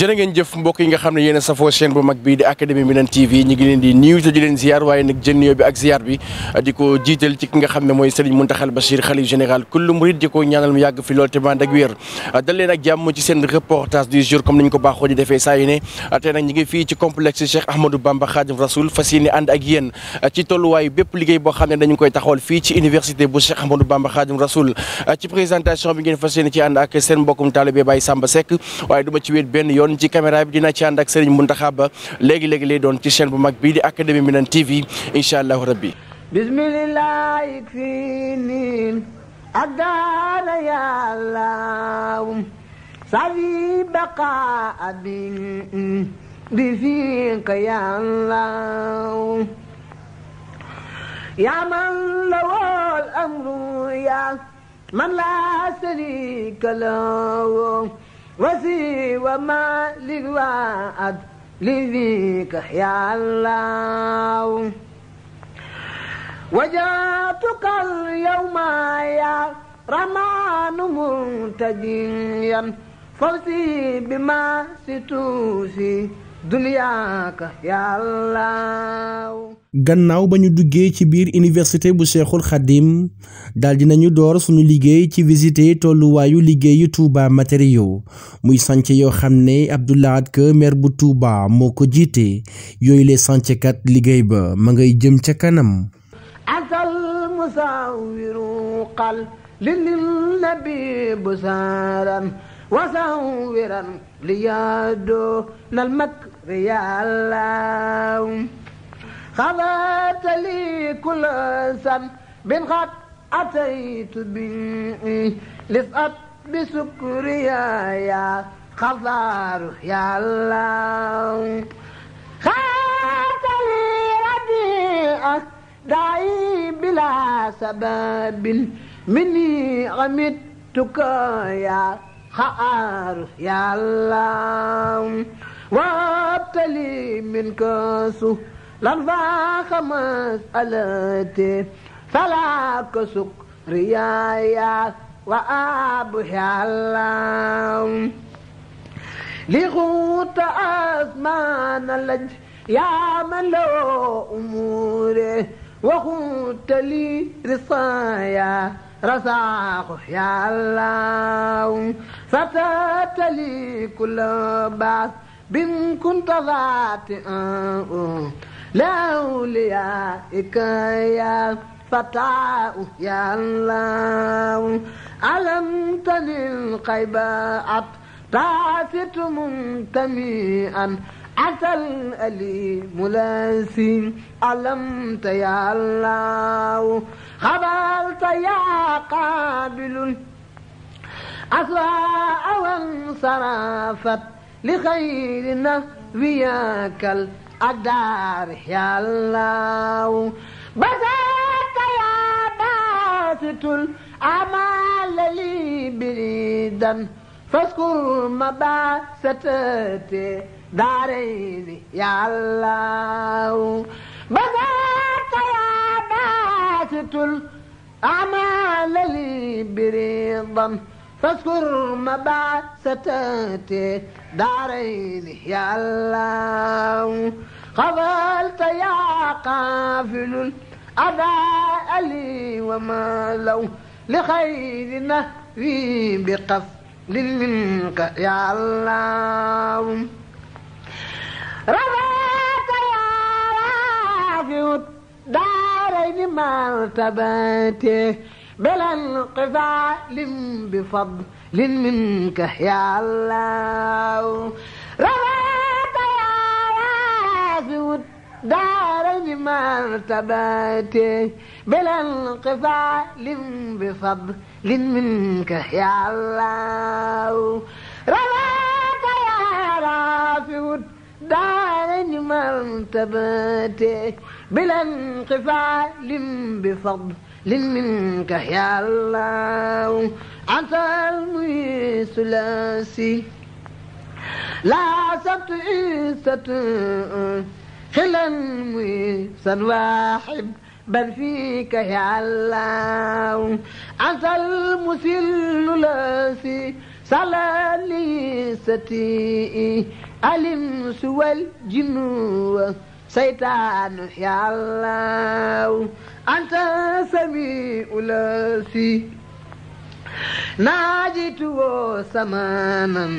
jërë ngeen jëf mbokk yi nga xam ne yéen a safoo chaîne mag bii di académie Minane TV ñu ngi leen di nuyu te di waaye nag jënniyoo bi ak ziar bi di ko ci ki nga xam ne mooy Serigne Mountakha Bachir xalif général kullu murid di ko ñaanal mu yàgg fi lool te ànd ak wér dal leen ak ci seen reportage di defee saa yu ñu ngi fii ci complexe Cheikh Ahmadou Bamba Khadim Rasoul fas yéene ànd ak boo xam ne dañu koy taxawal fii ci université bu Cheikh bi ngeen fas yéene ci ànd ak seen yoon nekkoon ci caméra bi ci ànd ak Serigne Mountakha Ba léegi léegi lay doon ci chaîne bu mag bii di Académie Minane TV incha allahu rabbi bismillah ikfini adana ya allah safi baqa abin بفيك يا الله يا من له الأمر يا من لا شريك له وسي وما للوعد لذيك يا الله وجاتك اليوم يا رمان منتجيا فوزي بما ستوسي gannaaw ba ñu duggee ci biir université bu Cheikhul Khadim daal dinañu door suñu liggéey ci visité tolluwaayu liggéeyu Touba matériaux muy sànce yoo xam ne Abdou Lahad Ka bu tuuba moo ko jiite yooyu les liggéey ba ma ngay jëm ca kanam asal musawiru qal lilil nabi bu saaran wasawiran li yaadoo nal mag يا الله غفرت لي كل ذنب قد أتيت به لسأت بسكريا يا غفار يا الله غفرت لي رديئك دعي بلا سبب مني غمدتك يا خار يا الله وابتلي منك سهلا ذاك مسألتي فلا كسك ريايا وأبحي الله لغوت أزمان اللج يا من له أموره وغوت لي رصايا رزاق يا الله فتات لي كل بعث بن كنت ذاتئا لأوليائك يا فتاة يا الله ألم تنل قيبات تعفت منتميئا أتى الأليم لاسي ألمت يا الله خبرت يا قابل أسواء وانصرفت li xayri na wiyaakal addaar yàllaaw basaaka yaa baasitul amaala li biridan faskur ma baasatee daarayni yàllaaw basaaka yaa baasitul amaala li biridan فاذكر مبعثة دارين يا الله قبلت يا قافل الأداء لي وما لو لخير في بقف منك يا الله رضيت يا رافع الدارين مرتبتي بلا انقفال بفضل منك يا الله رواك يا ياسود دارني مرتبتي بلا انقفال بفضل منك يا الله رواك يا رافود دارني مرتبتي بلا انقفال بفضل lin minka ya allah anta almuiis laasi laa sabtu isat xilan muiisan waaxib بل فيك يا الله أنت المسل الذي صلى لي ستي ألم سوى الجنوب seytaanu yàllaaw anta sami ulasi naajitu woo samanan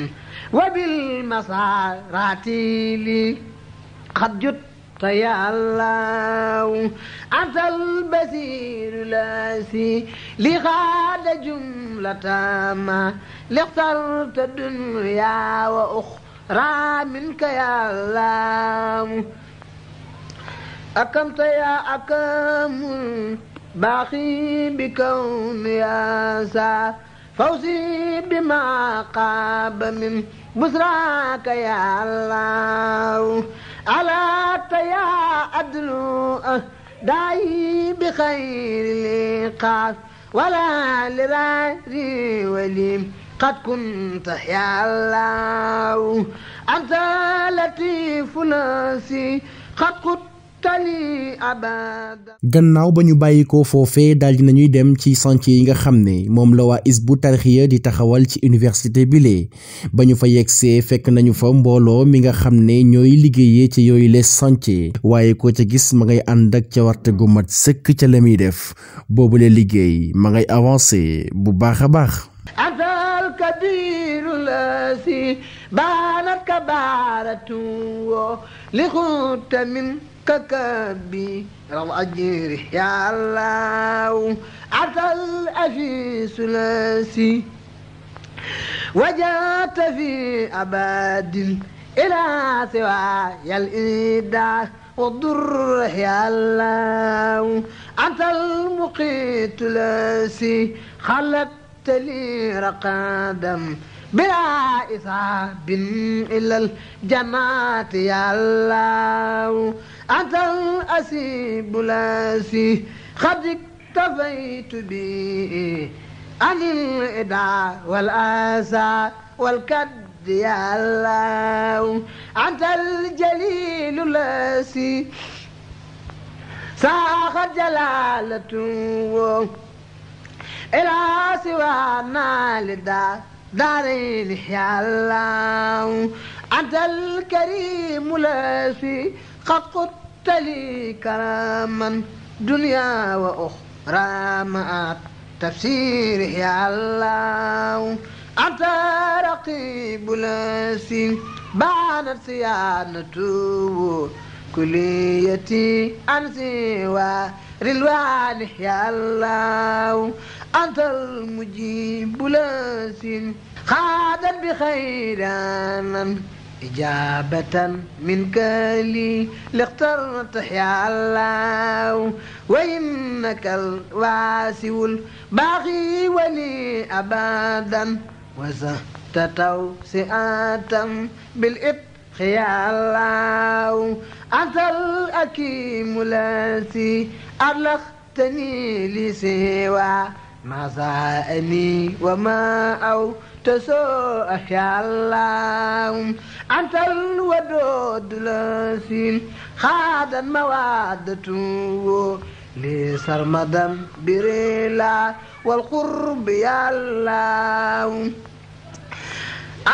wabil masaratili xat jut ta yàllaaw antal basiru lasi li xaada jumlatama lixtarta dunya wa uxra minka yàllaaw أكمت يا أكم باقي بكون يا سا فوزي بما قاب من بسراك يا الله على يا أدلو داعي بخير لقاف ولا لراري وليم قد كنت يا الله أنت لطيف ناسي قد كنت gannaaw ba ñu bàyyi ko foofee daal nañuy dem ci chantier yi nga xam ne moom la waa bu Hizbut Tarqiyyah di taxawal ci université bile ba ñu fa yegsee fekk nañu fa mbooloo mi nga xam ne ñooy liggéeyee ci yooyu les chantier waaye ko ca gis ma ngay ànd ak ca warte gu mat sëkk ca la muy def boobule liggéey ma ngay avancé bu baax a baax. ككبير الأجر يا الله أتى الأفي ثلاثي وجات في أباد إلى سواي الإيداع والضر يا الله أنت المقيت لاسي خلقت لي رقادا بلا إصاب إلا الجنات يا الله أنت الأسيب لاسي قد اكتفيت بي عن الإدعاء والآسى والكد يا الله أنت الجليل لاسي ساق جلالة إلى سوانا لدى دارين يا الله أنت الكريم لاسي قد قدت لي كراما دنيا وأخرى معك تفسيره يا الله أنت رقيب لاسي بانت صيانته كليتي عن سوى رلوانه يا الله أنت المجيب لاسي خادا بخيرانا إجابة منك لي لاخترت يا الله وإنك الواسع الباغي ولي أبدا وزهت توسئة بالإبخ يا الله أنت الأكيم الذي أبلغتني لسوى ما زاني وما أو تسوء يا الله أنت الودود لسين خادا موادته لي سرمدا بريلا والقرب يا الله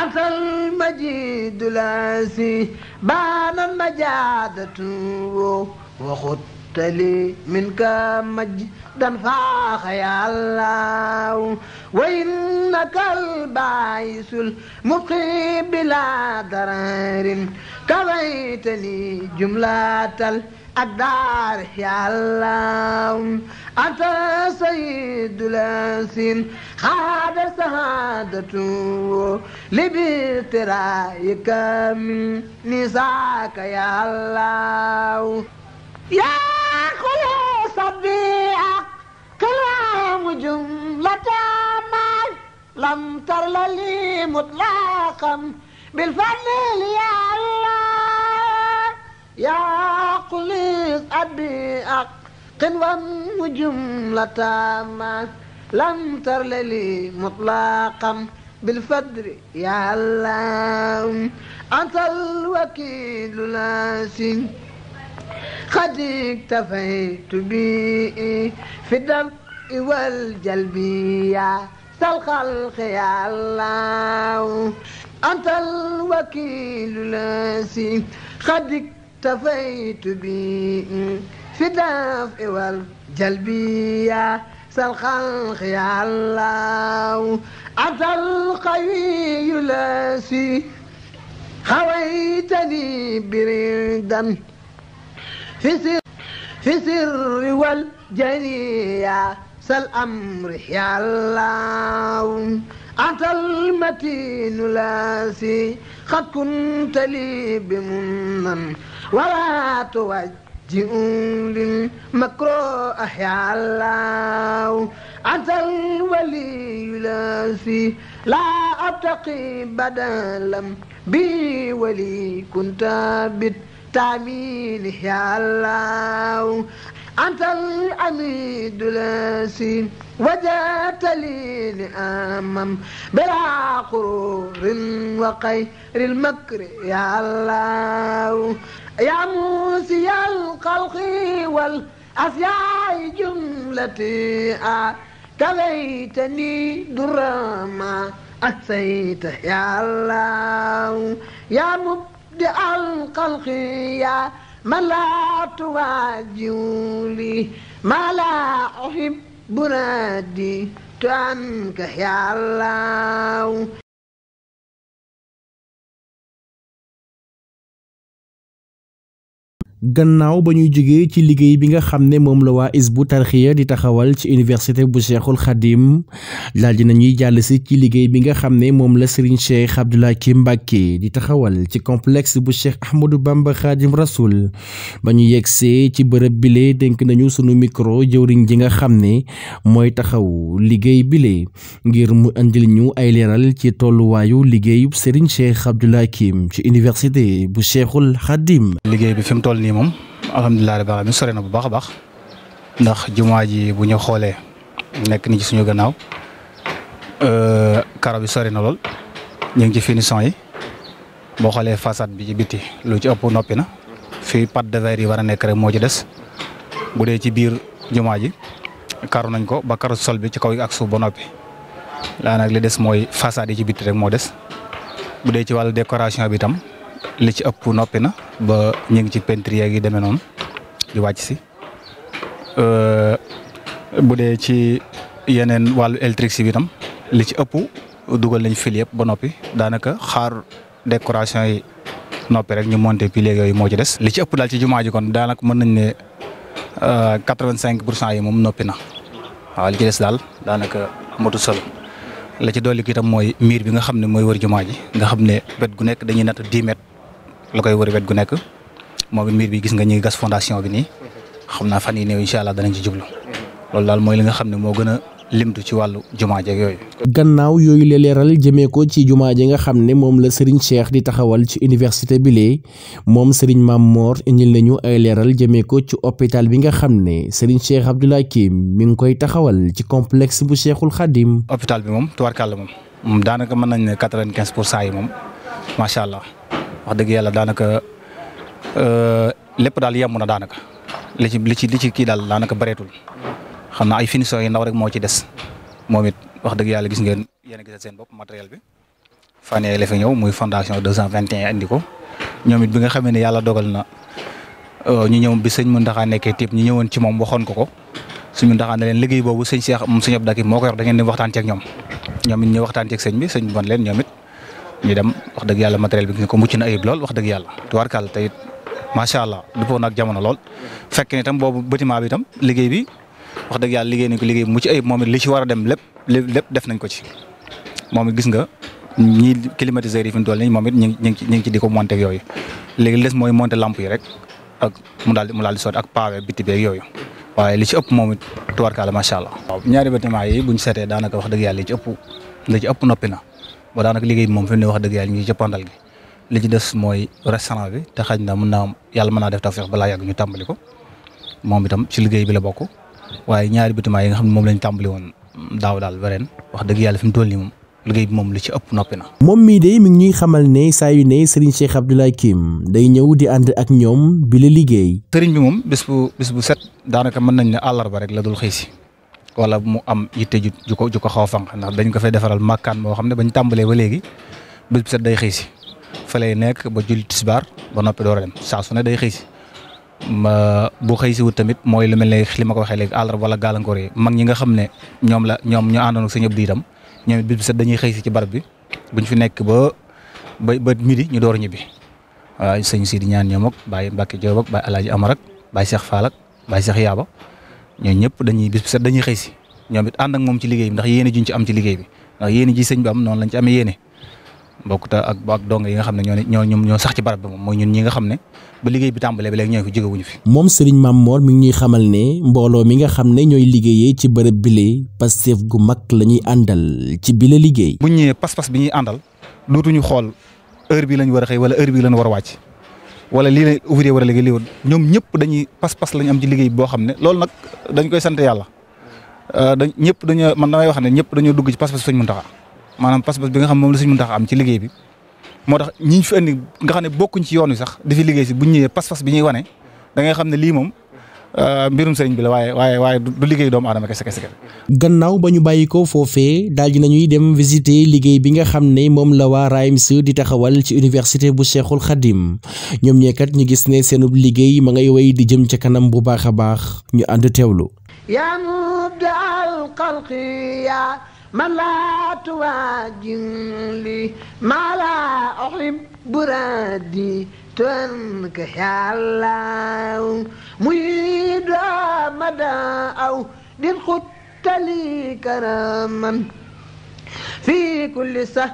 أنت المجيد لسي بان المجادة وخط أبتلي منك مجدا فاخ يا الله وإنك الباعث المبقي بلا ضرر كفيتني جملة الأقدار يا الله أنت سيد الأنسين خاد سهادته لبترايك من نساك يا الله يا خلوص الضيعة كلام جملة ما لم ترل لي مطلقا بالفضل يا الله يا قليص أبي أقن وم جملة ما لم ترل لي مطلقا بالفدر يا الله أنت الوكيل لاسين قد اكتفيت بي في الدفع والجلبية سالخلق يا الله أنت الوكيل الذي قد اكتفيت بي في الدفع والجلبية سالخلق يا الله أنت القوي الذي خويتني بردا في سر في سر والجنية سل أمر يا الله أنت المتين لاسي قد كنت لي بمنا ولا توجه للمكروه يا الله أنت الولي لاسي لا أبتقي بدلا بي ولي كنت بت التعمين يا الله أنت العميد لاسي وجات لي لأمم بلا قرور وقير المكر يا الله يا موسي الخلق والأفياء جملتي كليتني درما أحسيت يا الله يا مبتلى الرد عن خلقي ما لا تواجهني ما لا أحب رديت عنك يا الله gannaaw ba ñuy jógee ci liggéey bi nga xam ne moom la waa bu isbu tarxiya di taxawal ci université bu cheikhul xadim daal di nañuy jàll si ci liggéey bi nga xam ne moom la Serigne Cheikh Abdoulaye Mbacke di taxawal ci complexe bu Cheikh Ahmadou Bamba Khadim Rasoul ba ñu yegsee ci bërëb bile dénk nañu sunu micro jëwriñ ji nga xam ne mooy taxaw liggéey bile ngir mu andil ñu ay leeral ci tolluwaayu liggéeyu Serigne Cheikh Abdoulaye ci université bu cheikhul xadim liggéey bi fi mu toll nii moom alhamdulilah rabbil alamin sore na bu baax baax ndax juma ji bu ñu xoolee nekk ni ci suñu gannaaw euh, karo bi sore na lool ñu ngi ci finition yi boo xoolee façade bi ci bitti lu ci ëpp noppi na fii pâte de verre yi war a nekk rek moo ci des bu dee ci biir jumaa ji karo nañ ko ba karo sol bi ci kaw yi ak suuf ba noppi laa nag li des mooy façade yi ci bitti rek moo des bu dee ci wàllu décoration bi tam li ci ëpp noppi na ba ñu ngi ci peinture yeeg yi demee noonu di wàcc si euh, bu dee ci yeneen wàllu électricité bi tam li ci ëpp dugal nañ fil yëpp ba noppi daanaka xaar décoration yi noppi rek ñu monté piliers yooyu moo ci des. li ci ëpp daal ci jumaa ji kon daanaka mën nañ ne euh, quatre-vingt-cinq pour cent yi moom noppi na waaw li des daal daanaka amatu solo. la ci dolli itam mooy miir bi nga xam ne mooy wër jumaa ji nga xam ne wet gu nekk dañuy natt dix mètres la koy wër wet gu nekk moom it miir bi gis nga ñu ngi gas fondation bi nii xam naa fan yi néew incha allah danañ ci jublu loolu daal mooy li nga xam ne moo gën limtu ci wàllu jumaa jeeg yooyu. gannaaw yooyu la leeral jëmee ko ci jumaa ji nga xam ne moom la Serigne Cheikh di taxawal ci université bi lee moom Serigne Mame Mor indil nañu ay leeral jëmee ko ci hôpital bi nga xam ne Serigne Cheikh Abdou Hakim mi ngi koy taxawal ci complexe bu Cheikhul Khadim. hôpital bi moom tubarkàlla moom daanaka mën nañ ne quatre-vingt-quinze pour cent yi moom macha allah wax dëgg yàlla daanaka euh, lépp daal yem na daanaka li ci li ci li ci kii daal daanaka bareetul. xam naa ay finition yi ndaw rek moo des moom wax dëgg yàlla gis ngeen yéen a gisal seen bopp matériel bi fan yii la fi ñëw muy fondation 221 indi ko ñoom it bi nga xamee ne yàlla dogal na euh, ñu ñëw bi sëñ Mountakha ñu ñëwoon ci moom waxoon ko ko suñu Mountakha ne leen liggéey boobu sëñ Cheikh moom sëñ Abdou Akim moo ko yor da ngeen di ñoom ñoom it ñu waxtaan ci ak sëñ bi sëñ bi wan leen ñoom it ñu dem wax dëgg yàlla matériel bi gis ko mucc na ayib lool wax dëgg yàlla tubaarkàlla te it macha allah dëppoo na ak jamono lool fekk ni tam boobu bâtiment bi tam bi wax dëgg yàlla liggéey nañ liggéey mu ci ayib moom it li ci war a dem lépp lépp def nañ ko ci moom gis nga ñii climatiseurs yi fi mu toll moom it ñu ngi ci ñu ngi ci di ko monté ak yooyu léegi li des mooy monté lamp yi rek ak mu daal di mu daal di ak paawee bitti beeg yooyu waaye li ci ëpp moom it tubarkaale macha allah. waaw ñaari bâtiment yi bu ñu seetee daanaka wax dëgg yàlla li ci ëpp li noppi na ba daanaka liggéey moom fi mu ne wax dëgg yàlla ñu ngi ci jëppandal gi li ci des mooy restaurant bi te xaj na mun naa yàlla mën naa def ta tawfeex balaa yàgg ñu tàmbali ko moom itam ci liggéey bi la bokk waaye ñaari bâtiment yi nga xam ne moom lañ tàmbali woon daaw daal ba ren wax dëgg yàlla fi mu toll nii moom liggéey bi moom lu ci ëpp noppi na. moom mii de mi ngi xamal ne saa yu ne Serigne Cheikh Abdoulaye Kim day ñëw di ànd ak ñoom bi la liggéey. Serigne bi moom bis bu bis bu set daanaka mën nañ ne àllarba rek la dul xëy si wala mu am yitte ju ju ko ju ko xaw a ndax dañ ko fay defaral màkkaan moo xam ne bañ tàmbalee ba léegi bis bu set day xëy si fa lay nekk ba julli tisbaar ba noppi door a saa su ne day xëy boo bu xëy si wut tamit mooy lu mel ne li ma ko waxee léegi àllarba wala gàllankoor yi mag ñi nga xam ne ñoom la ñoom ñu àndoon ak sëñ Abdou itam ñoom it dañuy xëy si ci barab bi buñ fi nekk ba ba ba midi ñu door a ñibbi sëñ Sidi ñaan ñoom ak Baye Mbacke Diop ak Baye El Hadj Amar ak Baye Cheikh Fall ak Baye Cheikh ñëpp dañuy bis bi set dañuy xëy si ñoom it ànd ak moom ci liggéey bi ndax yéene juñ ci am ci liggéey bi ndax yéene ji sëñ bi am noonu lañ ci amee yéene bokkut ak ak donga yi nga xam ne ñoo ñoo ñoo sax ci barab bi moom mooy ñun ñi nga xam ne ba liggéey bi tàmbalee ba léegi ñooy ko jógewuñu fi. moom Serigne Mame Mor mi ngi xamal ne mbooloo mi nga xam ne ñooy liggéeyee ci bërëb bile Pastef gu mag la ñuy àndal ci bile liggéey. bu ñëwee pas-pas bi ñuy àndal dootuñu xool heure bi lañ war a xëy wala heure bi lañ war a wàcc wala lii la ouvrier war a liggéey lii woon ñoom ñëpp dañuy pas-pas lañ am ci liggéey boo xam ne loolu nag dañ koy sant yàlla euh, dañ ñëpp dañoo man damay wax ne ñëpp dañoo dugg ci pas-pas Serigne Mountakha maanaam pas-pas bi nga xam moom la suñu mën tax am ci liggéey bi moo tax ñi fi andi nga xam ne bokkuñ ci yoon wi sax di fi liggéey si bu ñu ñëwee pas bi ñuy wane da xam ne lii moom euh, mbirum sëriñ bi la waaye waaye waaye du liggéey doomu aadama kese kese gannaaw ba ñu bàyyi ko foofee daal di nañuy dem visiter liggéey bi nga xam ne moom la waa RAIMS di taxawal ci université bu Cheikhul Khadim ñoom ñeekat ñu gis ne seenub liggéey ma ngay wéy di jëm ca kanam bu baax a baax ñu ànd teewlu. من لا تواجن لي ما لا أحب برادي تنكح يا الله ميد مدى أو دين خدت لي كراما في كل سهر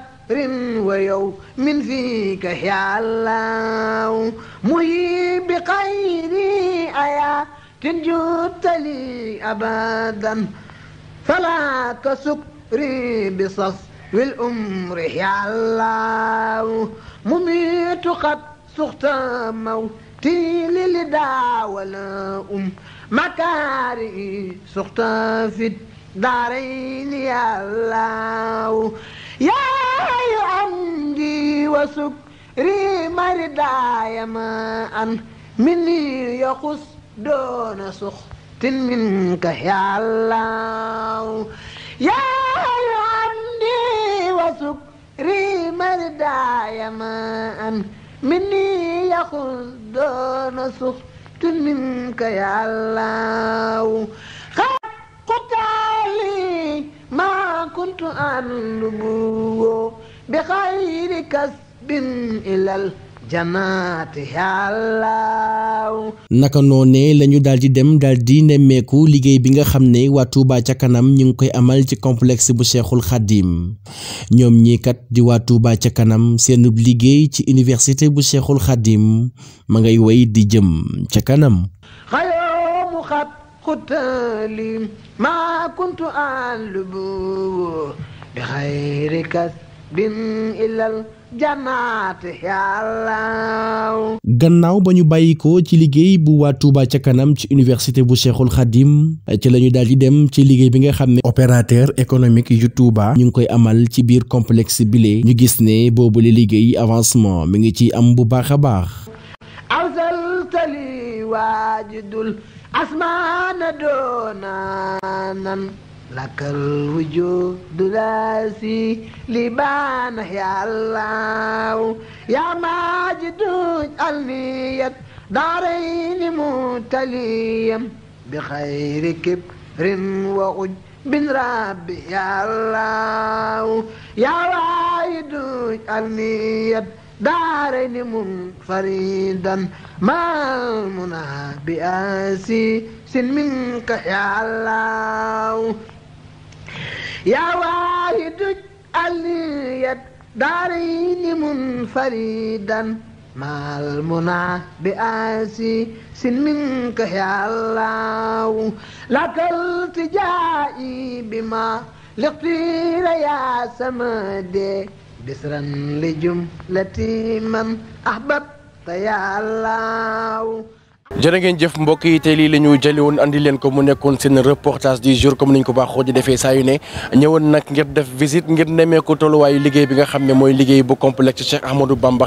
ويوم فيك يا الله مهي بخيري أيا تنجوت لي أبدا فلا تسكت أجري بصصب الأمر يا الله مميت قد سخت موتي للدعوة ولا أم مكاري سخت في الدارين يا الله يا عمدي وسكري مرضاي ما أن مني يقص دون سخط منك يا الله يا وسكري من دعي ماء مني يخز دون سخط منك يا الله قتالي ما كنت أنلبو بخير كسب إلى الأرض naka noonee la ñu daal di dem daal nemmeeku liggéey bi nga xam ne waa ca kanam ñu ngi koy amal ci complexe bu seexul xaddim ñoom ñii kat di waa Touba ca kanam seenub liggéey ci université bu seexul Khadim ma ngay way di jëm ca kanam. maa kuntu gannaaw ba ñu bàyyi ci liggéey bu waa Touba ca kanam ci université bu Cheikhul Khadim ci la ñu daal di dem ci liggéey bi nga xam ne opérateur économique yu Touba ñu ngi koy amal ci biir complexe bile ñu gis ne boobu la liggéey avancement mi ngi ci am bu baax a baax awsaltali waajidul asmaana doonaanan لك الوجود راسي لبان يا الله يا ماجد النية دارين متليا بخير كبر وعجب بن ربي يا الله يا وايد النية دارين منفردا ما المنى بآسي سن منك يا الله يا واحد اجعل دارين منفردا مع المنى بآسي سن منك يا الله لك التجائي بما لقير يا سمدي بسرا لجملتي من أحببت يا الله jërë ngeen jëf mbokk yi tey lii la ñu jëli woon andi leen ko mu nekkoon seen reportage du jour comme ni ñu ko baaxoo di defee saa yu ne ñëwoon nag ngir def visite ngir nemmeeku tolluwaayu liggéey ne mooy liggéey bu complexe Cheikh Ahmadou Bamba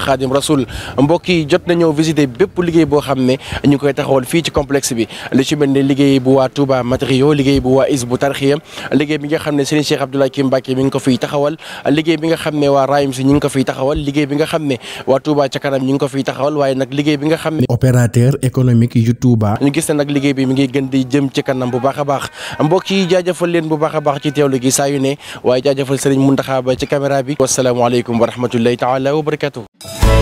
yi jot nañoo visiter bépp liggéey boo xam ne ñu ngi koy taxawal fii ci complexe bi li ci liggéey bu waa Touba Matériaux liggéey bu waa Isbu Tarxiya liggéey bi nga xam ne seen Cheikh Abdoulaye Kim mi ngi ko fiy taxawal liggéey bi nga xam ne waa Rayim si ñu ngi ko fiy taxawal liggéey bi nga xam ne waa Touba ca kanam ñu ngi ko fi taxawal waaye nag liggéey bi nga xam ne opérateur économique économique yu Touba. ñu gis ne nag liggéey bi mi ngi gën di jëm ci kanam bu baax a baax mbokk yi jaajëfal leen bu baax a baax ci teewlu gi saa yu ne waaye jaajëfal sëriñ Mountakha Ba ci caméra bi. wasalaamaaleykum wa rahmatullahi taala wa barakatuh